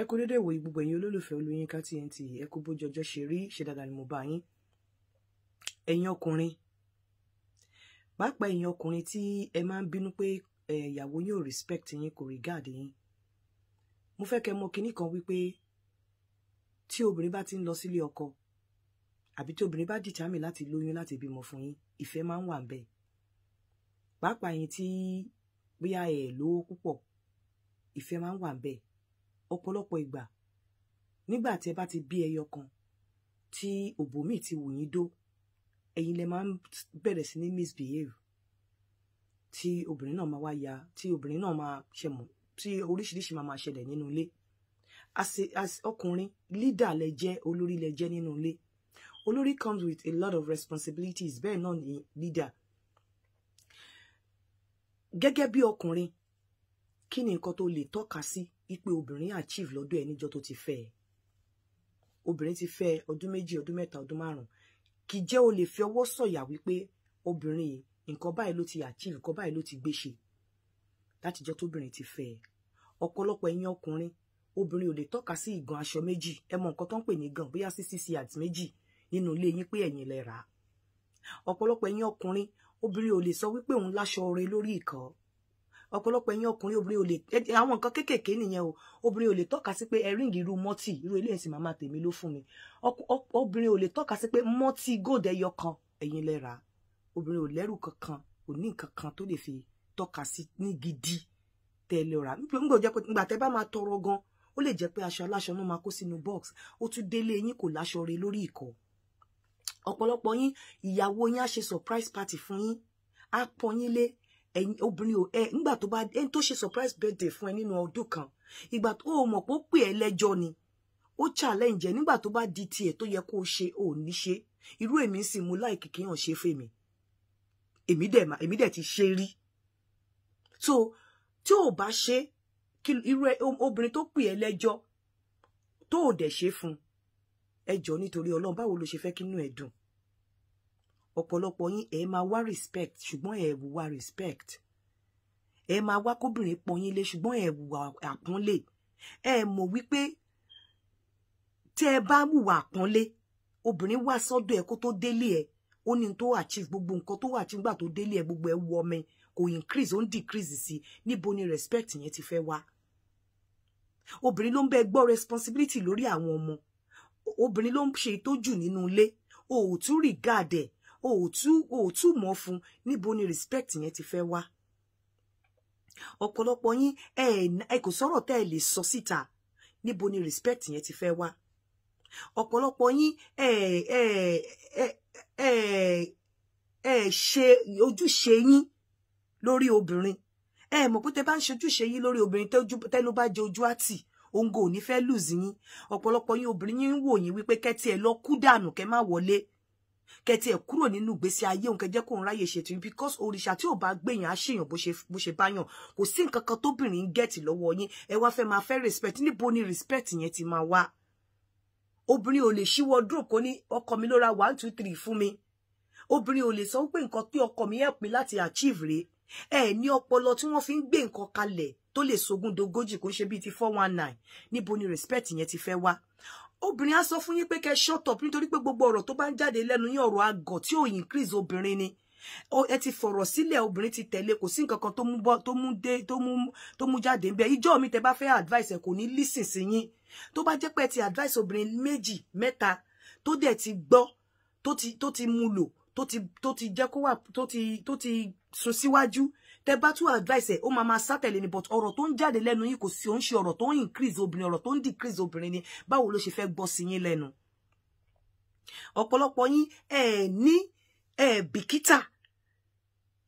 ẹ kú dédé ìwòye gbogbo ẹ̀yin olólùfẹ́ Olúyínká TNT ẹ kú bójú ọjọ́ ṣe rí ṣe dáadáa ni mo bá yín ẹ̀yin ọkùnrin pàápàá ẹ̀yin ọkùnrin tí ẹ máa ń bínú pé ìyàwó yóò respect yín kò regard yín mo fẹ́ kẹ́ mọ̀ kinní kan wípé tí obìnrin bá ti ń lọ sílé ọkọ àbí tí obìnrin bá dìtàmì láti lóyún láti bímọ fún yín ìfẹ́ máa ń wà ń bẹ̀ pàápàá ẹ̀yin tí bóyá ẹ̀ lówó púpọ̀ ìfẹ́ máa ń wà ń bẹ̀ ọ̀pọ̀lọpọ̀ ìgbà nígbà tí ẹ bá ti bí ẹyọ kan tí òbòmíì ti wù yín dó ẹ̀yin lẹ máa ń bẹ̀rẹ̀ sí ní misbehave tí obìnrin náà máa wá ya tí obìnrin náà máa ṣe mọ̀ tí oríṣiríṣi máa máa ṣẹlẹ̀ nínú ilé ọkùnrin lídà lẹ jẹ́ olórí lẹ jẹ́ nínú ilé olórí comes with a lot of responsibilities bẹ́ẹ̀ náà ni lídà gẹ́gẹ́ bí ọkùnrin kí ni nǹkan tó lè tọ́ka sí wípé obìnrin achieve lọ́dọ̀ ẹ níjọ́ tó ti fẹ́ ẹ obìnrin ti fẹ́ ẹ ọdún méjì ọdún mẹ́ta ọdún márùn kì í jẹ́ o lè fi ọwọ́ sọ̀yà wípé obìnrin yìí nǹkan báyìí ló ti achieve nǹkan báyìí ló ti gbé ṣe látijọ́ tóbìnrin ti fẹ́ ẹ ọ̀pọ̀lọpọ̀ ẹ̀yin ọkùnrin obìnrin ò lè tọ́ka sí ìgan aṣọ méjì ẹ mọ nǹkan tó ń pè ní gan bóyá sí cc àti méjì nínú ilé yín pé ẹ̀yin lẹ ọ̀pọ̀lọpọ̀ ẹ̀yin ọkùnrin obìnrin ò lè sọ wípé òun láṣọ oore lórí ìkọ́ ọ̀pọ̀lọpọ̀ ẹ̀yin ọkùnrin obìnrin ò lè àwọn nǹkan kéékèèké nìyẹn o obìnrin ò lè tọ́ka sí pé ẹ̀ríǹgì irú mọ́tì irú ilé ẹ̀sìn màmá tèmi ló fún mi obìnrin ò lè tọ́ka sí pé mọ́tì góòdù ẹyọ kan ẹ̀yin lẹ́ra obìnrin ò lẹ́rù kankan ò ní nǹkan kan tó lè fi tọ́ka sí ní gidi tẹ́ ẹ lọ́ra nígbà jẹ́ pé nígbà tẹ́ bá máa tọrọ gan ó lè jẹ́ pé aṣọ aláṣọ náà máa kó sínú box ó tún délé yín kò láṣọ rẹ̀ lórí ìkọ́ ọ̀pọ̀lọpọ̀ yín ìyàwó yín á ṣe surprise party fún yín á pọ́n yín lé ẹ̀yin obìnrin ò ẹ ńgbà tó bá ẹni tó ṣe surprise birthday fún ẹ nínú ọdún kan ìgbà tó o mọ̀ pé ó pè ẹ́ lẹ́jọ́ ni ó challenge ẹ nígbà tó bá di tiẹ̀ tó yẹ kó o ṣe ò ní ṣe irú èmi sì mú láìkì kéèyàn ṣe fèmí èmi dẹ̀ mà èmi dẹ̀ ti ṣe rí so tí ò bá ṣe irú obìnrin tó pè ẹ́ lẹ́jọ́ tó ò dẹ̀ ṣe fún ẹjọ́ nítorí Ọlọ́run báwo ló ṣe fẹ́ kínú ẹ̀ dùn ọ̀pọ̀lọpọ̀ yín ẹ máa wá respect ṣùgbọ́n ẹ wùwà respect ẹ máa wá kóbìnrin pọ́n yín lé ṣùgbọ́n ẹ wùwà àpọ́nlé ẹ mọ̀ wípé tẹ́ ẹ bá wùwà àpọ́nlé obìnrin wá sọ́dọ̀ ẹ kó tó délé ẹ ó ní tó achieve gbogbo nǹkan tó wà nígbà tó délé ẹ gbogbo ẹ wọ ọmọ ẹ kò increase ó ń decrease sí níbo ni respect yẹn ti fẹ́ wá obìnrin ló ń bẹ gbọ́ responsibility lórí àwọn ọmọ obìnrin ló ń ṣe ìtọ́jú nínú ilé o ò tún o ò tú o ò tú mọ́ fún níbo ni respect yẹn ti fẹ́ wá ọ̀pọ̀lọpọ̀ yín ẹ ẹ kò sọ̀rọ̀ tẹ́ ẹ lè sọ síta níbo ni respect yẹn ti fẹ́ wá ọ̀pọ̀lọpọ̀ yín ẹ ẹ ẹ ẹ ẹ ṣe ojúṣe yín lórí obìnrin ẹ mọ̀ pé tẹ́ bá ń ṣojúṣe yín lórí obìnrin tẹ́nu bá jẹ ojú àtì òǹgò ò ní fẹ́ lùzì yín ọ̀pọ̀lọpọ̀ yín obìnrin yín ń wò yín wípé kẹ́tì ẹ lọ kú dànù kẹ́ má wọlé kẹtì ẹ kúrò nínú ìgbésí ayé òun kẹjẹ kó ń ráyè ṣètò because òrìṣà tí ò bá gbèyàn á ṣèyàn bó ṣe bá yàn kò sí nǹkan kan tóbìnrin ń gẹ̀tì lọ́wọ́ yín ẹ wá fẹ́ máa fẹ́ respect níbo ni respect yẹn ti máa wá obìnrin ò lè ṣí wardrobe kó ní ọkọ mi ló one two three fún mi obìnrin ò lè sọ pé nǹkan tí ọkọ mi help mi láti achieve rèé ẹ ní ọpọlọ tí wọ́n fi ń gbé nǹkan kalẹ̀ tó lè sogun dogoji kò ń ṣe bíi ti four one nine níbo ni respect yẹn ti fẹ́ wá obìnrin á sọ fún yín pé kẹ́ shut up nítorí pé gbogbo ọ̀rọ̀ tó bá ń jáde lẹ́nu yín ọ̀rọ̀ àgọ̀ tí ò increase obìnrin ni ẹ ti fọ̀rọ̀ sílẹ̀ obìnrin ti tẹ̀lé kò sí nǹkan kan tó mú bọ́ tó jáde ń bẹ ìjọ mi tẹ bá fẹ́ advice ẹ kò ní listen sí yín tó bá jẹ́ pé ti advice obìnrin méjì mẹ́ta tó dẹ̀ ti gbọ́ tó ti tó ti mú lò tó ti tó ti kó wà tó ti tó síwájú si tẹ bá tún advice ẹ ó máa ni but ọ̀rọ̀ tó ń jáde lẹ́nu yìí kò sí ó ń ṣe increase obìnrin ọ̀rọ̀ tó decrease obìnrin ni báwo ló ṣe fẹ́ gbọ́ si yín lẹ́nu ọ̀pọ̀lọpọ̀ yín ẹ ni ẹ bikita,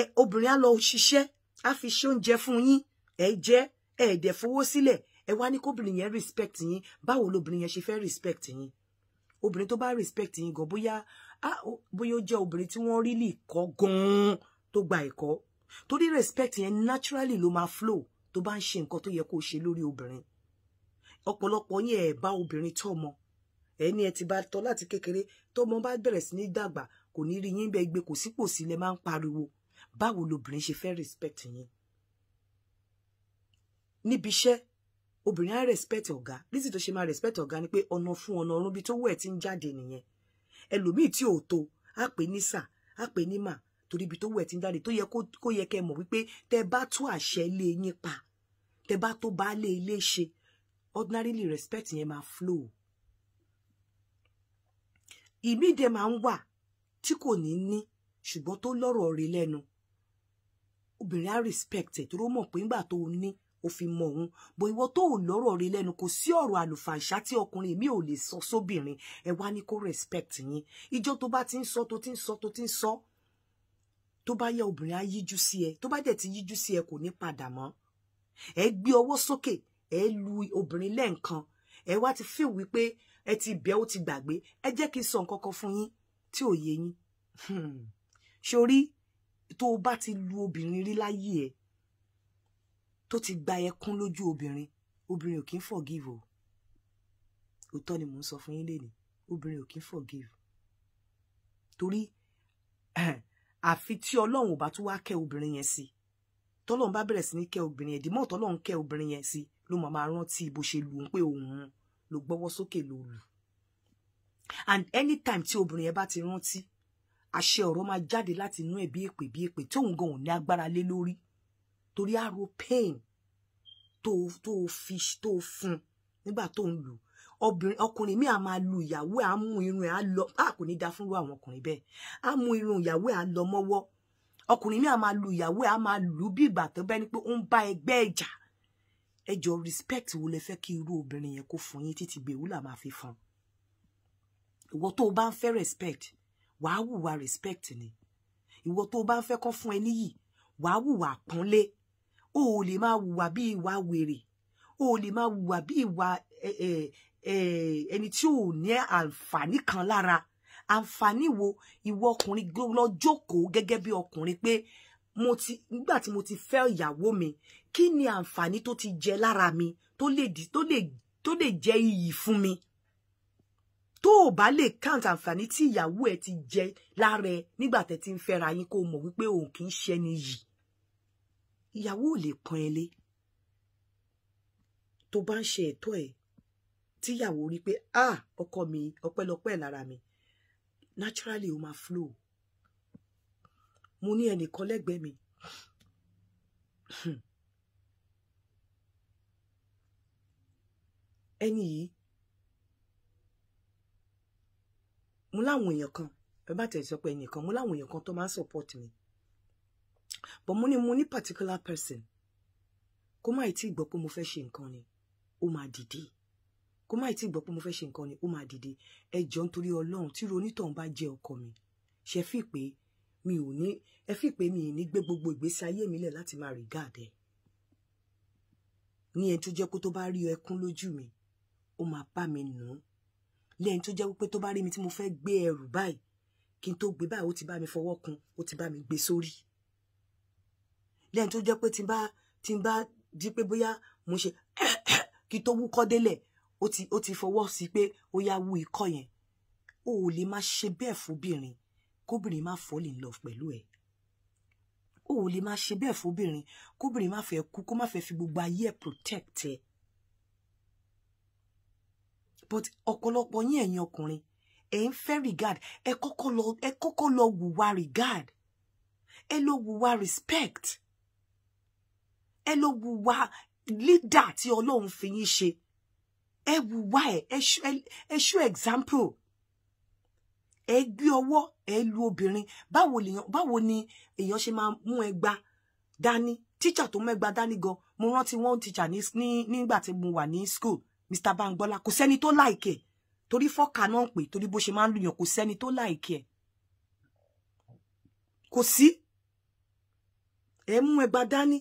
ẹ obìnrin á lọ ṣiṣẹ́ á fi ṣe oúnjẹ fún yín ẹ jẹ ẹ dẹ fowó sílẹ̀ ẹ wá ní kóbìnrin yẹn respect yín báwo lobìnrin yẹn ṣe fẹ́ respect yín obìnrin tó bá respect yín gan bóyá bóyá ó jẹ́ obìnrin tí wọ́n rí lì gan-an gba ẹ̀kọ́ torí respect yẹn naturally ló máa flow tó bá ń ṣe nǹkan tó yẹ kó ṣe lórí obìnrin ọ̀pọ̀lọpọ̀ yín ẹ̀ bá obìnrin tọ́mọ ẹni ẹ ti bá tọ́ láti kékeré tọ́mọ bá bẹ̀rẹ̀ sí ní dàgbà kò ní rí yín bẹ́ẹ̀ gbé kò sípò sílẹ̀ máa ń pariwo báwo lobìnrin ṣe fẹ́ respect yín níbi iṣẹ́ obìnrin á respect ọ̀gá lísì tó ṣe máa respect ọ̀gá ni pé ọ̀nà fún ọ̀nà ọ̀run bí tó wọ̀ ẹ̀ ti ń jáde nìyẹn ẹlòmíì tí ò tó á pè ní sà á pè ní mà torí ibi tó wẹ̀ ti ń jáde tó yẹ kó yẹ kẹ́ mọ̀ wípé tẹ bá tú àṣẹ ilé yín pa tẹ bá tó bá lé ilé ṣe ordinarily respect yẹn máa flow ìmídẹ máa ń wà tí kò ní ní ṣùgbọ́n tó lọ́rọ̀ rí lẹ́nu obìnrin á respect ẹ̀ tó rọ́ mọ̀ pé ńgbà tó ní ó fi mọ òun bó ìwọ tó ò lọ́rọ̀ rí lẹ́nu kò sí ọ̀rọ̀ àlùfàǹṣá tí ọkùnrin mi ò lè sọ sóbìnrin ẹ wá ní kó respect yín ìjọ tó bá ti ń sọ tó ti ń sọ tó ti ń sọ. So, tó bá yẹ obìnrin á yíjú sí ẹ tó bá dẹ̀ ti yíjú sí ẹ kò ní padà mọ́ ẹ gbé ọwọ́ sókè ẹ lu obìnrin lẹ́ẹ̀kan ẹ wá ti fíìl wípé ẹ ti bẹ̀ ó ti gbàgbé ẹ jẹ́ kí n sọ nǹkan kan fún yín tí ò yé yín ṣorí hmm. tó o bá ti lu obìnrin rí láyé ẹ tó ti gba ẹkún lójú obìnrin obìnrin ò kí ń forgive o òótọ́ ni mò ń sọ fún yín lẹ́nu obìnrin ò kí ń forgive torí àfi tí ọlọ́run ò bá tún wá kẹ́ obìnrin yẹn sí tọ́lọ́run bá bẹ̀rẹ̀ sí ní kẹ́ obìnrin yẹn dìmọ́ tọ́lọ́run kẹ́ obìnrin yẹn sí ló máa máa rántí bó ṣe lù ú pé òun ló gbọ́wọ́ sókè ló lù and anytime tí obìnrin yẹn bá ti rántí àṣẹ ọ̀rọ̀ máa jáde láti inú ẹ̀ bí èpè bí èpè tí òun gan ò ní agbára lé lórí torí àrò pain tó tó fi tó fún nígbà tó ń lù obìnrin ọkùnrin mi à máa lu ìyàwó ẹ̀ á mú irun ẹ̀ á lọ á kò ní da fúnru àwọn ọkùnrin bẹ́ẹ̀ á mú irun ìyàwó ẹ̀ á lọ mọ́wọ́ ọkùnrin mi à máa lu ìyàwó ẹ̀ á máa lù bí ìgbà tó bẹ́ẹ̀ ni pé ó ń bá ẹgbẹ́ ẹ̀jà ẹjọ respect wo lẹ fẹ́ kí irú obìnrin yẹn kó fún yín títí gbèrú là máa fi fún ìwọ tó o bá ń fẹ́ respect wàá hùwà respect ni ìwọ tó o bá ń fẹ́ kọ́ fún ẹ níyì wàá hùwà pọ́nlé o ò lè máa hùwà bí ìwà wèrè o ò lè máa hùwà bí ìwà Eh, ẹni tí ò ní àǹfààní kan lára àǹfààní wo ìwọ ọkùnrin lọ jókòó gẹ́gẹ́ bí ọkùnrin pé mo ti nígbà tí mo ti fẹ́ ìyàwó mi kí ni àǹfààní tó ti jẹ lára mi tó lè di tó lè tó lè jẹ iyì fún mi tó o bá lè count àǹfààní tí ìyàwó ẹ ti jẹ lára ẹ nígbà tẹ́ ti ń fẹ́ra yín kó mọ̀ wípé òun kì í ṣẹni yìí ìyàwó ò lè pọ́n ẹ lé tó bá ń ṣe ẹ̀tọ́ ẹ̀ tíyàwó rí pé ah ọkọ mi ọpẹ́lọpẹ́ lára mi naturally ó máa flow mo ní ẹnìkan lẹ́gbẹ̀ẹ́ mi ẹni yìí mo láwọn èèyàn kan ẹ bá tẹ̀ sọ pé ẹnìkan mo láwọn èèyàn kan tó máa ń support mi but mo ní mo ní particular person kó má ì tí gbọ́ pé mo fẹ́ ṣe nǹkan ni ó máa dìde kó má tí gbọ́ pé mo fẹ́ ṣe nǹkan ni ó máa dìde ẹ jọ nítorí ọlọ́run tí ronítọ̀hún bá jẹ́ ọkọ mi ṣe fi pé mi ò ní ẹ fi pé mi ì ní gbé gbogbo ìgbésí ayé mi lẹ̀ láti máa regard ẹ ní ẹni tó jẹ́ pé tó bá rí ẹkún lójú mi ó máa bá mi nù ún lẹ́yìn tó jẹ́ pé tó bá rí mi tí mo fẹ́ gbé ẹrù báyìí kí n tó gbé báyìí ó ti bá mi fọwọ́ kun ó ti bá mi gbé sórí lẹ́yìn tó jẹ́ pé tí n bá tí n bá di pé bóyá mo ṣe kí tó wúkọ́ délẹ̀ ó ti ó ti fọwọ́ sí pé ó yá wú ikọ́ yẹn o ò lè máa ṣe bẹ́ẹ̀ fóbìnrin kóbìnrin má fall in love pẹ̀lú ẹ̀ o ò lè máa ṣe bẹ́ẹ̀ fóbìnrin kóbìnrin má fẹ́ kú kó má fẹ́ fi gbogbo ayé ẹ̀ protect ẹ̀ but ọ̀pọ̀lọpọ̀ yín ẹ̀yin ọkùnrin ẹ̀ ń fẹ́ regard ẹ kọ́kọ́ lọ ẹ kọ́kọ́ lọ wùwà regard ẹ lọ wùwà respect ẹ lọ wùwà leader tí ọlọ́run fi yín ṣe ẹ wùwá ẹ ẹ ṣú example ẹ owo ọwọ́ ẹ lu obìnrin báwo ni èèyàn ṣe máa mú ẹgba dání tíjà tó mẹ́gba dání gan mo rántí wọ́n tíjà nígbà tí mo wà ni school Mr. Bangbola kò sẹ́ni tó láìkẹ torí fọkà náà pè torí bó ṣe máa ń lùyàn kò sẹ́ni tó láìkẹ kò sí ẹ mú ẹgba dání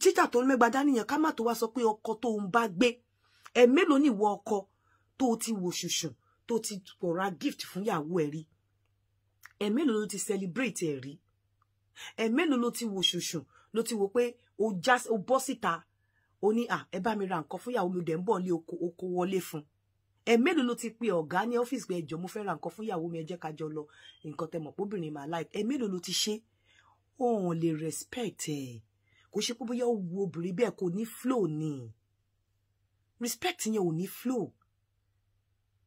tíjà tó mẹ́gba dání yẹn ká má tó wa sọ pé ọkọ tó ń bá gbé ẹ mélòó ni ìwọ ọkọ tó ti wò ṣùṣùn tó ti pọ̀ra gift fún yàwó ẹ̀ rí ẹ mélòó ló ti celebrate ẹ̀ rí ẹ mélòó ló ti wò ṣùṣùn ló ti wò pé o já o bọ́ oni o ní à ẹ bá mi ra nǹkan fún yàwó mi dẹ̀ ń bọ̀ lé oko oko wọlé fún ẹ mélòó ló ti pe ọ̀gá ní ọ́fíìsì pé ẹjọ́ mo fẹ́ ra nǹkan fún yàwó mi ẹ jẹ́ ká jọ lọ nǹkan tẹ́ mọ̀ pobìnrin máa láì ẹ mélòó ló ti ṣe òun lè respect ẹ kò ṣe pé bóyá ó wu obìnrin bẹ́ẹ̀ kò flow ni respect yẹn ò ní flow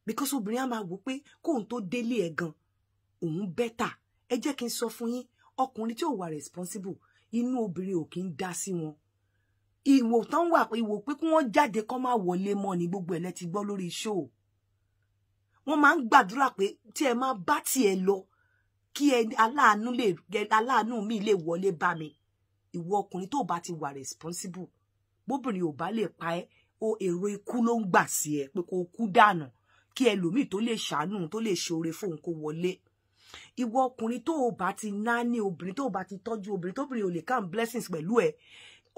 because obìnrin á máa wò pé kóun tó délé ẹ̀ gan òun bẹ́tà ẹ jẹ́ kí n sọ fún yín ọkùnrin tí ò responsible inú obìnrin ò kí ń dá sí wọn ìwò tán wà ìwò pé kí wọ́n jáde kán máa wọlé ni gbogbo ẹ̀ ti gbọ́ lórí show wọ́n máa ń gbàdúrà pé tí ẹ máa bá tiẹ̀ lọ kí ẹ aláàánú lè aláàánú mi le wọlé bá mi ìwọ ọkùnrin tó bá ti wà responsible bóbìnrin ò bá lè pa ẹ́ o èrò ikú ló ń gbà sí ẹ pé kó kú dànù kí ẹlòmíì tó lè ṣàánú tó lè ṣoore fóun kó wọlé ìwọ ọkùnrin tó o bá ti náání obìnrin tó o bá ti tọ́jú obìnrin tóbìnrin ò lè count blessings pẹ̀lú ẹ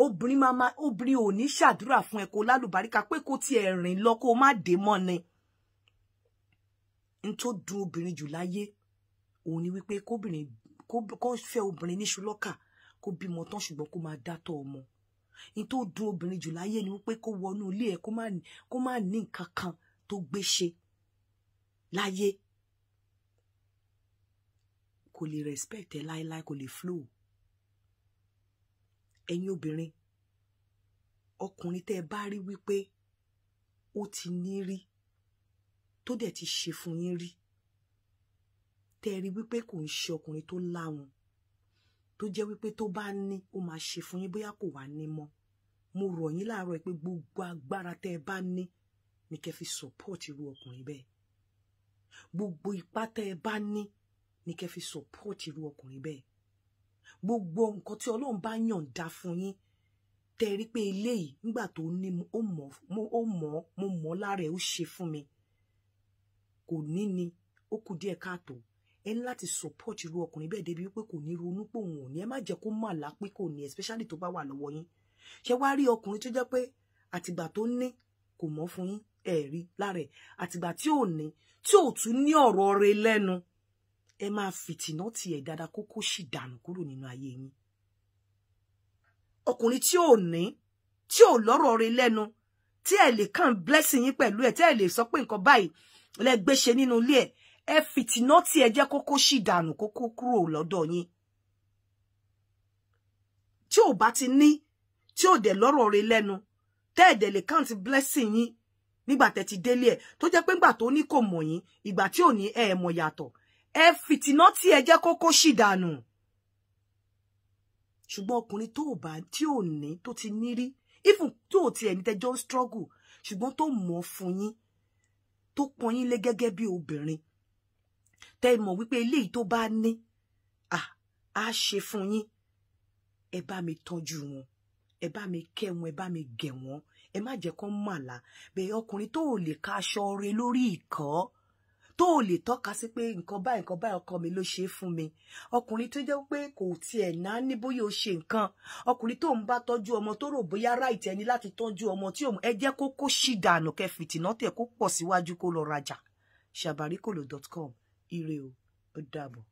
obìnrin mama obìnrin ò ní ṣàdúrà fún ẹ kó lálùbáríkà pé kó tiẹ̀ rìn lọ kó má dé mọ́ ni n tó dùn obìnrin jù láyé òun ni wípé kóbìnrin kó fẹ́ obìnrin níṣu lọ́kà kó bímọ tán ṣùgbọ́n kó máa dátọ̀ ọmọ ní tó dùn obìnrin jù láyé ni wípé kó wọnú ilé ẹ̀ kó má ní kó má ní nǹkan kan tó gbé ṣe láyé kò lè respect ẹ láéláé kò lè flow ẹ̀yin obìnrin ọkùnrin tẹ́ ẹ bá rí wípé ó ti ní rí tó dẹ̀ ti ṣe fún yín rí tẹ́ ẹ rí wípé kò ń ṣe ọkùnrin tó láwọn tó jẹ́ wípé tó bá ní ó máa ṣe fún yín bóyá kò wá ní mọ́ mo rọ̀ yín láàárọ̀ pé gbogbo agbára tẹ́ ẹ bá ní ni kẹ́ fi support irú ọkùnrin bẹ́ẹ̀ gbogbo ipá tẹ́ ẹ bá ní ni kẹ́ fi support irú ọkùnrin bẹ́ẹ̀ gbogbo nǹkan tí Ọlọ́run bá yọ̀ǹda fún yín tẹ́ rí pé eléyìí nígbà tó ní ó mọ̀ ó mọ̀ mo mọ̀ lára ẹ̀ ó ṣe fún mi kò ní ni ó kù díẹ̀ káàtó ẹ ń láti support irú ọkùnrin bẹ́ẹ̀ débi wípé kò ní ronú pé òun ò ní ẹ má jẹ́ kó mà lápé kò ní especially tó bá wà lọ́wọ́ yín ṣé wá rí ọkùnrin tó jẹ́ pé àtìgbà tó ní kò mọ́ fún yín ẹ rí lára ẹ̀ àtìgbà tí ò ní tí ò tún ní ọ̀rọ̀ rẹ̀ lẹ́nu ẹ máa fìtìná tiẹ̀ dáadáa kó kó sì dànù kúrò nínú ayé yín ọkùnrin tí ò ní tí ò lọ́rọ̀ rẹ̀ lẹ́nu tí ẹ lè kàn blessing yín pẹ̀lú ẹ̀ tí ẹ lè sọ pé nǹkan báyìí lẹ ṣe nínú ilé ẹ̀ ẹ fìtínà tí ẹ jẹ́ kókó sì dànù kókó kúrò lọ́dọ̀ yín tí ò bá ti ní tí ò dẹ̀ lọ́rọ̀ rẹ̀ lẹ́nu tẹ́ ẹ̀ dẹ̀ lè count blessing yín nígbà tẹ́ ti délé ẹ̀ tó jẹ́ pé ńgbà tó ní kò mọ̀ yín ìgbà tí ò ní ẹ̀ mọ̀ yàtọ̀ ẹ fìtínà tí ẹ jẹ́ kókó sì dànù ṣùgbọ́n ọkùnrin tó bá tí ti ní even tó ò tiẹ̀ ní tẹjọ́ ń struggle ṣùgbọ́n to mọ̀ fún yín tó pọn yín lé gẹ́gẹ́ bí obìnrin tẹ́ ẹ mọ̀ wípé eléyìí tó bá ní á ṣe fún yín ẹ bá mi tọ́jú wọn ẹ bá mi kẹ́ wọn ẹ bá mi gẹ̀ wọn ẹ má jẹ́ kán màlà bẹ́ẹ̀ ọkùnrin tó ò lè ka aṣọ rẹ̀ lórí ìkọ́ tó ò lè tọ́ka sí pé nǹkan báyìí nǹkan báyìí ọkọ mi ló ṣe é fún mi ọkùnrin tó jẹ́ pé kò tiẹ̀ ná ní bóyá o ṣe nǹkan ọkùnrin tó ń bá tọ́jú ọmọ tó rò bóyá right ẹni láti tọ́jú ọmọ tí òun ẹ jẹ́ kó kó ṣì dànù kẹfìtì náà tẹ̀ kó pọ̀ síwájú kó lọ rajà shabarikolo dot com ire o ó double.